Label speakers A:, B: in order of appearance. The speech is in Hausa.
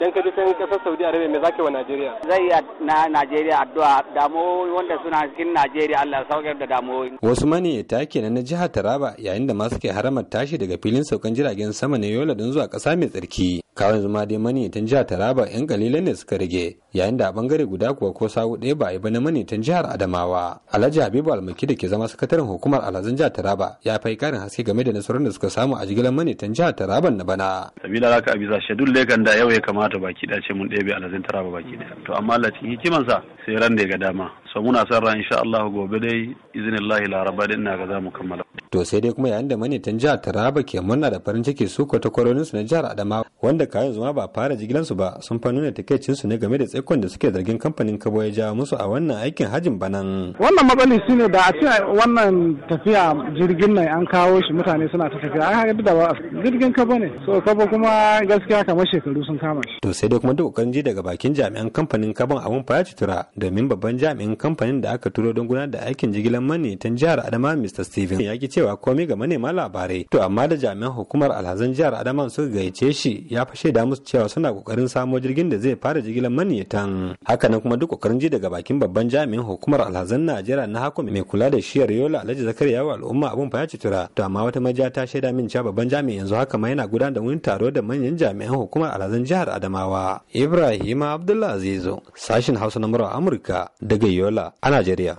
A: dan ka san kasar Saudi Arabia me zaka wa Najeriya zai yi na Najeriya addu'a damuwoyi wanda suna cikin Najeriya Allah saukar da damuwoyi wasu maniyata kenan na jihar Taraba yayin da masu ke haramar tashi daga filin saukan jiragen sama na Yola don zuwa ƙasa mai tsarki kawai zuma dai dai manitan jihar taraba yan kalilan ne suka rage yayin da a bangare guda kuwa ko sawu ɗaya ba a yi ba na tun jihar adamawa alhaji habibu almaki da ke zama sakataren hukumar alhazin jihar taraba ya fai karin haske game da nasarar da suka samu a jigilar tun jihar taraba na
B: bana sabila haka a bisa shadul kan da yau ya kamata baki ɗaya ce mun ɗebe alhazan taraba baki ɗaya to amma Allah cikin sa sai ran da ya ga dama so muna son ran insha Allah gobe dai iznillahi laraba da ina ga za mu kammala
A: to sai dai kuma yayin da manitan jihar taraba ke murna da farin ciki su su na jihar adamawa wanda kayan zuma ba fara jigilansu ba sun fa nuna takaicinsu ne game da tsaikon da suke zargin kamfanin kabo ya ja musu a wannan aikin hajin banan.
C: Wannan matsalin shi ne da a ce wannan tafiya jirgin nan an kawo shi mutane suna ta tafiya an haka da jirgin kabo ne so kabo kuma gaskiya kamar shekaru sun kama shi. To
A: sai dai kuma duk kokarin ji daga bakin jami'an kamfanin kabon abun fa ya tura domin babban jami'in kamfanin da aka turo don gudanar da aikin jigilan tan jihar Adama Mr. Steven ya ki cewa komai ga manema labarai to amma da jami'an hukumar alhazan jihar Adama suka gayyace shi ya fashe da musu cewa suna kokarin samo jirgin da zai fara jigilar maniyatan hakanan kuma duk kokarin ji daga bakin babban jami'in hukumar alhazan najeriya na hako mai kula da shiyar yola alhaji zakari yawa al'umma abun fa ya ci tura to amma wata maja ta shaida min cewa babban jami'in yanzu haka ma yana gudanar da wani taro da manyan jami'an hukumar alhazan jihar adamawa ibrahima abdullah azizo sashin hausa na murar amurka daga yola a najeriya